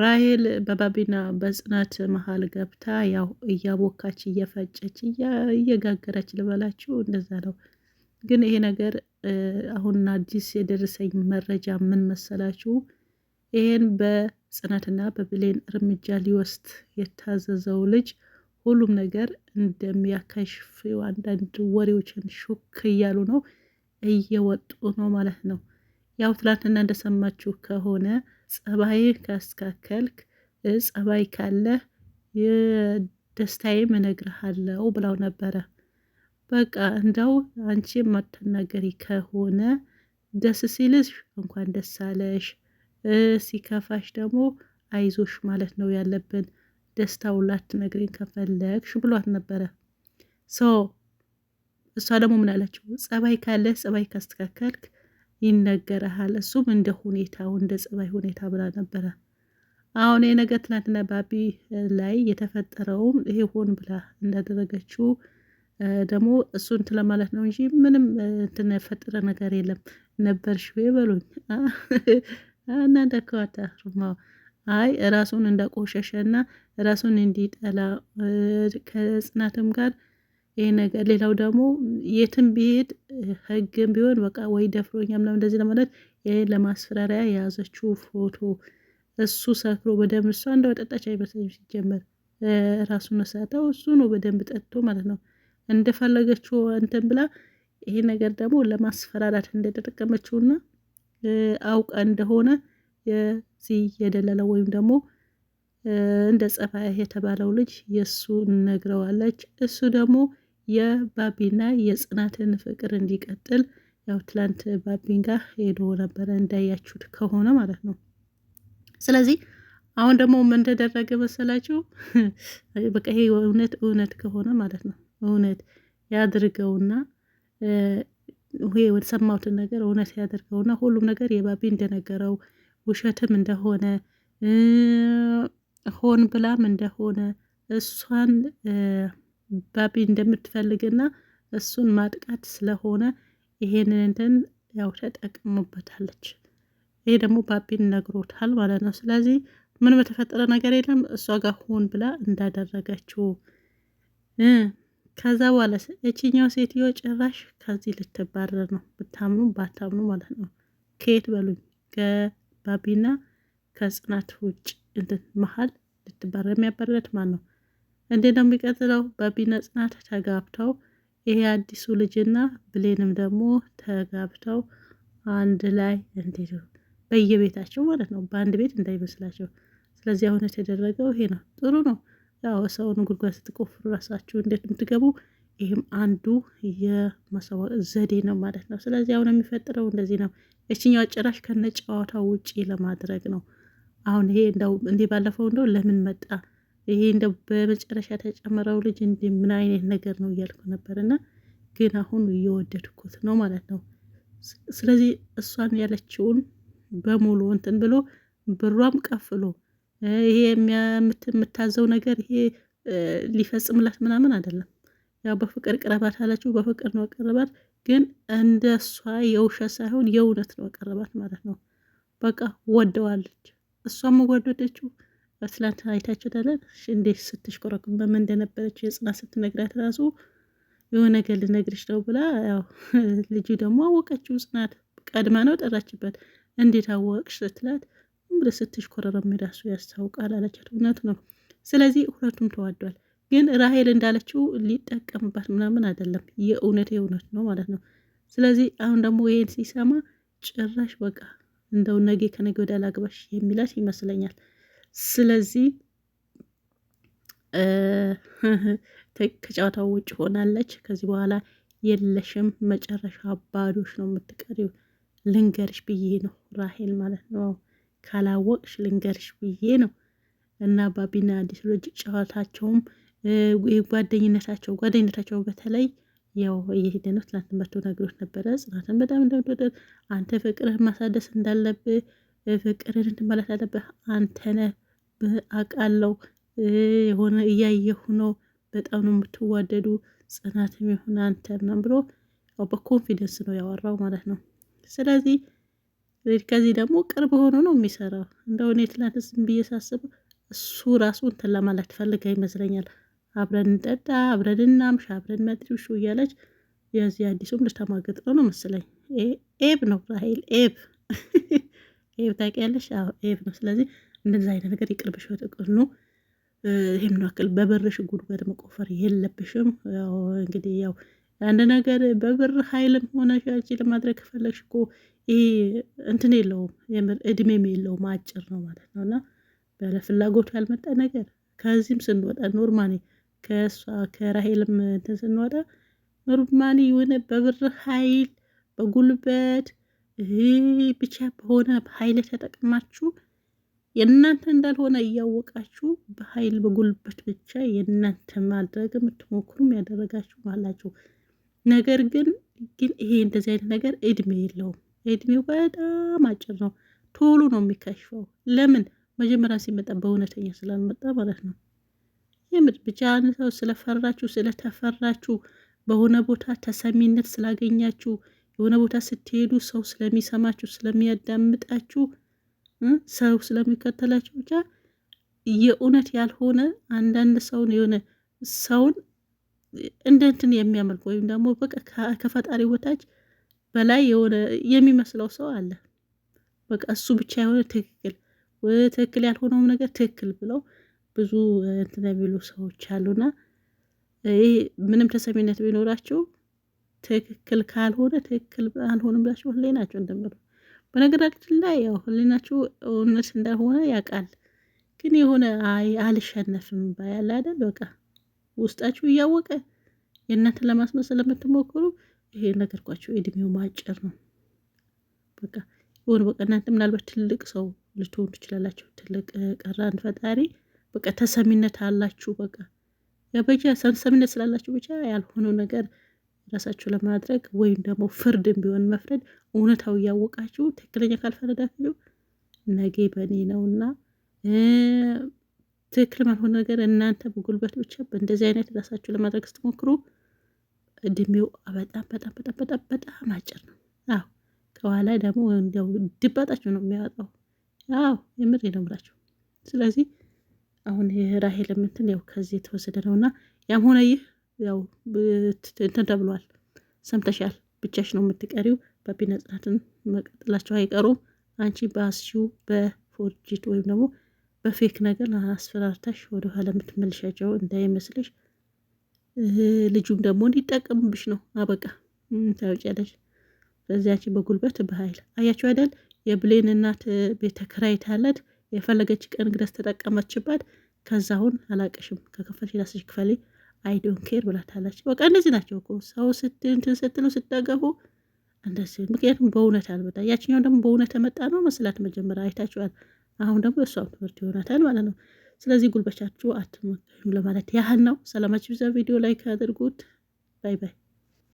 ራሄል በባቢና በጽናት መሀል ገብታ ያው እያቦካች እየፈጨች እየጋገረች ልበላችሁ እንደዛ ነው። ግን ይሄ ነገር አሁን አዲስ የደረሰኝ መረጃ ምን መሰላችሁ? ይሄን በጽናትና በብሌን እርምጃ ሊወስድ የታዘዘው ልጅ ሁሉም ነገር እንደሚያከሽፍ አንዳንድ ወሬዎችን ሹክ እያሉ ነው እየወጡ ነው ማለት ነው። ያው ትላንትና እንደሰማችሁ ከሆነ ጸባይህ ካስተካከልክ ጸባይ ካለ የደስታዬ እነግርሃለሁ ብላው ነበረ። በቃ እንደው አንቺ የማትናገሪ ከሆነ ደስ ሲልሽ እንኳን ደስ አለሽ፣ ሲከፋሽ ደግሞ አይዞሽ ማለት ነው ያለብን ደስታው ላትነግሪን ከፈለግሽ ብሏት ነበረ። ሶ እሷ ደግሞ ምን አለችው? ጸባይ ካለ ጸባይ ካስተካከልክ ይነገረሃል። እሱም እንደ ሁኔታው እንደ ጸባይ ሁኔታ ብላ ነበረ። አሁን የነገ ትናንትና ባቢ ላይ የተፈጠረውም ይሄ ሆን ብላ እንዳደረገችው ደግሞ እሱ እንትን ለማለት ነው እንጂ ምንም እንትን የፈጠረ ነገር የለም። ነበርሽ ወይ በሉኝ። እናንተ ከዋታ አይ ራሱን እንዳቆሸሸና ራሱን እንዲጠላ ከጽናትም ጋር ይሄ ነገር ሌላው ደግሞ የትም ቢሄድ ህግም ቢሆን በቃ ወይ ደፍሮኛ ምናምን እንደዚህ ለማለት ይህን ለማስፈራሪያ የያዘችው ፎቶ እሱ ሰክሮ በደንብ እሷ እንደ አይመስለኝም። ሲጀመር ራሱን ነሳተው እሱ ነው በደንብ ጠጥቶ ማለት ነው እንደፈለገችው እንትን ብላ ይሄ ነገር ደግሞ ለማስፈራራት እንደተጠቀመችውና አውቃ እንደሆነ የዚህ የደለለ ወይም ደግሞ እንደ ጸፋ የተባለው ልጅ የእሱ ነግረዋለች። እሱ ደግሞ የባቢና የጽናትን ፍቅር እንዲቀጥል ያው ትላንት ባቢን ጋር ሄዶ ነበረ እንዳያችሁት ከሆነ ማለት ነው። ስለዚህ አሁን ደግሞ ምን ተደረገ መሰላችሁ? በቃ ይሄ እውነት እውነት ከሆነ ማለት ነው እውነት ያድርገውና ይሄ የተሰማሁትን ነገር እውነት ያደርገውና ሁሉም ነገር የባቢ እንደነገረው ውሸትም እንደሆነ ሆን ብላም እንደሆነ እሷን ባቢ እንደምትፈልግና እሱን ማጥቃት ስለሆነ ይሄንን እንትን ያው ተጠቅሙበታለች። ይሄ ደግሞ ባቢን ነግሮታል ማለት ነው። ስለዚህ ምንም የተፈጠረ ነገር የለም። እሷ ጋር ሆን ብላ እንዳደረገችው ከዛ በኋላ እችኛው ሴትዮ ጭራሽ ከዚህ ልትባረር ነው። ብታምኑ ባታምኑ ማለት ነው። ከየት በሉኝ ከባቢና ከጽናት ውጭ እንትን መሀል ልትባረር የሚያባረረት ማን ነው? እንዴት ነው የሚቀጥለው? ባቢና ጽናት ተጋብተው ይሄ አዲሱ ልጅና ብሌንም ደግሞ ተጋብተው አንድ ላይ እንዴት በየቤታቸው ማለት ነው፣ በአንድ ቤት እንዳይመስላቸው። ስለዚህ አሁን የተደረገው ይሄ ነው። ጥሩ ነው። ያው ሰውን ጉድጓድ ስትቆፍሩ ራሳችሁ እንዴት የምትገቡ ይህም አንዱ የማሳወቅ ዘዴ ነው ማለት ነው። ስለዚህ አሁን የሚፈጥረው እንደዚህ ነው። የችኛው ጭራሽ ከነ ጨዋታ ውጪ ለማድረግ ነው። አሁን ይሄ እንደው እንዲህ ባለፈው እንደው ለምን መጣ ይሄ እንደ በመጨረሻ ተጨመረው ልጅ እንዲ ምን አይነት ነገር ነው እያልኩ ነበር። እና ግን አሁን እየወደድኩት ነው ማለት ነው። ስለዚህ እሷን ያለችውን በሙሉ እንትን ብሎ ብሯም ቀፍሎ ይሄ የምታዘው ነገር ይሄ ሊፈጽምላት ምናምን አይደለም። ያው በፍቅር ቅረባት አለችው፣ በፍቅር ነው ቀረባት። ግን እንደ እሷ የውሸት ሳይሆን የእውነት ነው ቀረባት ማለት ነው። በቃ ወደዋለች፣ እሷም ወደደችው። ትላንት አይታችኋታል እንዴት ስትሽኮረኩም በምን እንደነበረች የጽናት ስትነግራት ራሱ የሆነ ነገር ልነግርሽ ነው ብላ ያው ልጁ ደግሞ አወቀችው። ጽናት ቀድማ ነው ጠራችበት። እንዴት አወቅሽ ስትላት ብለ ስትሽኮረረም ራሱ ያስታውቃል አለቻት። እውነት ነው። ስለዚህ ሁለቱም ተዋዷል። ግን ራሄል እንዳለችው ሊጠቀምባት ምናምን አይደለም። የእውነት የእውነት ነው ማለት ነው። ስለዚህ አሁን ደግሞ ይህን ሲሰማ ጭራሽ በቃ እንደው ነጌ ከነገ ወዲያ ላግባሽ የሚላት ይመስለኛል። ስለዚህ ከጨዋታው ውጭ ሆናለች። ከዚህ በኋላ የለሽም፣ መጨረሻ ባዶሽ ነው የምትቀሪው። ልንገርሽ ብዬ ነው ራሄል ማለት ነው፣ ካላወቅሽ ልንገርሽ ብዬ ነው። እና ባቢና አዲስ ልጅ ጨዋታቸውም ጓደኝነታቸው ጓደኝነታቸው በተለይ ያው እየሄደ ነው። ትናንት መቶ ነግሮት ነበረ። ጽናትን በጣም እንደምትወደው አንተ ፍቅርህን ማሳደስ እንዳለብህ ፍቅርህን ማለት አለብህ አንተነህ አውቃለሁ የሆነ እያየሁ ነው በጣም ነው የምትዋደዱ ጽናትም ይሁን አንተንም ብሎ በኮንፊደንስ ነው ያወራው ማለት ነው። ስለዚህ ከዚህ ደግሞ ቅርብ ሆኖ ነው የሚሰራው። እንደው እኔ ትናንትስ ብዬ ሳስበው እሱ ራሱ እንትን ለማለት ፈልጋ ይመስለኛል። አብረን እንጠጣ፣ አብረን እናምሽ፣ አብረን መጥሪሹ እያለች የዚህ አዲሱም ልታማግጥ ነው ነው መሰለኝ። ኤብ ነው ራሄል ኤብ ኤብ ታውቂያለሽ? አዎ ኤብ ነው። ስለዚህ እንደዚህ አይነት ነገር ይቅርብሽ። በጥቅሉ ይህም ያክል በብርሽ ጉድጓድ መቆፈር የለብሽም። እንግዲህ ያው አንድ ነገር በብር ኃይልም ሆነ ሻጭ ለማድረግ ከፈለግሽ እኮ ይሄ እንትን የለውም የምር እድሜም የለውም አጭር ነው ማለት ነው። እና በለፍላጎቱ ያልመጣ ነገር ከዚህም ስንወጣ ኖርማኒ ከእሷ ከራሄልም እንትን ስንወጣ ኖርማኒ የሆነ በብር ኃይል በጉልበት ብቻ በሆነ ኃይል ተጠቅማችሁ የእናንተ እንዳልሆነ እያወቃችሁ በኃይል በጉልበት ብቻ የእናንተ ማድረግ የምትሞክሩም ያደረጋችሁ አላችሁ። ነገር ግን ግን ይሄ እንደዚህ አይነት ነገር እድሜ የለውም። እድሜው በጣም አጭር ነው። ቶሎ ነው የሚከሽፈው። ለምን መጀመሪያ ሲመጣ በእውነተኛ ስላልመጣ ማለት ነው። የምር ብቻ ሰው ስለፈራችሁ ስለተፈራችሁ በሆነ ቦታ ተሰሚነት ስላገኛችሁ የሆነ ቦታ ስትሄዱ ሰው ስለሚሰማችሁ ስለሚያዳምጣችሁ ሰው ስለሚከተላቸው ብቻ የእውነት ያልሆነ አንዳንድ ሰውን የሆነ ሰውን እንደ እንትን የሚያመልክ ወይም ደግሞ በቃ ከፈጣሪ በታች በላይ የሆነ የሚመስለው ሰው አለ። በቃ እሱ ብቻ የሆነ ትክክል ትክክል ያልሆነውም ነገር ትክክል ብለው ብዙ እንትን የሚሉ ሰዎች አሉና ይህ ምንም ተሰሚነት ቢኖራቸው ትክክል ካልሆነ ትክክል አልሆንም ላይ ናቸው እንደምሉ በነገራችን ላይ ያው ህሊናችሁ እውነት እንዳልሆነ ያውቃል፣ ግን የሆነ አይ አልሸነፍም ባያል አይደል በቃ ውስጣችሁ እያወቀ የእናንተ ለማስመሰል የምትሞክሩ ይሄ ነገርኳቸው። እድሜው ማጭር ነው። በቃ ይሁን በቃ እናንተ ምናልባት ትልቅ ሰው ልትሆኑ ትችላላችሁ። ትልቅ ቀራን ፈጣሪ በቃ ተሰሚነት አላችሁ። በቃ ያ በጃ ተሰሚነት ስላላችሁ ብቻ ያልሆነው ነገር ራሳችሁ ለማድረግ ወይም ደግሞ ፍርድም ቢሆን መፍረድ እውነታው እያወቃችሁ ትክክለኛ ካልፈረዳችሁ ነገ በእኔ ነውና ትክክል ባልሆነ ነገር እናንተ በጉልበት ብቻ በእንደዚህ አይነት ራሳችሁ ለማድረግ ስትሞክሩ እድሜው በጣም በጣም በጣም በጣም በጣም አጭር ነው። አዎ ከኋላ ደግሞ ድባጣችሁ ነው የሚያወጣው። አዎ የምር ነው ብላችሁ ስለዚህ አሁን ራሄል ምንትን ያው ከዚህ የተወሰደ ነውና ያም ሆነ ይህ ያው እንትን ተብሏል፣ ሰምተሻል። ብቻሽ ነው የምትቀሪው። ባቢ ነጽናትን መቀጠላቸው አይቀሩም። አንቺ በአስሺው በፎርጅት ወይም ደግሞ በፌክ ነገር አስፈራርታሽ ወደኋላ የምትመልሻቸው እንዳይመስልሽ። ልጁም ደግሞ እንዲጠቀሙብሽ ነው። አበቃ ታውጫለሽ። ስለዚህ አንቺ በጉልበት በኃይል አያችሁ አይደል? የብሌን እናት ቤት ተከራይታለት የፈለገች ቀን ግደስ ተጠቀመችባት። ከዛ አሁን አላቀሽም ከከፈልሽ ራስሽ ክፈሌ አይዶን ኬር ብላታለች። በቃ እንደዚህ ናቸው እኮ ሰው ስትንትን ስትሉ ስታገፉ እንደዚህ። ምክንያቱም በእውነት አልመጣ ያችኛው ደግሞ በእውነት መጣ ነው መስላት መጀመሪያ አይታችኋል። አሁን ደግሞ እሷም ትምህርት ይሆናታል ማለት ነው። ስለዚህ ጉልበቻችሁ አትመገኙ ለማለት ያህል ነው። ሰላማችሁ ይብዛ። ቪዲዮ ላይክ አድርጉት። ባይ ባይ።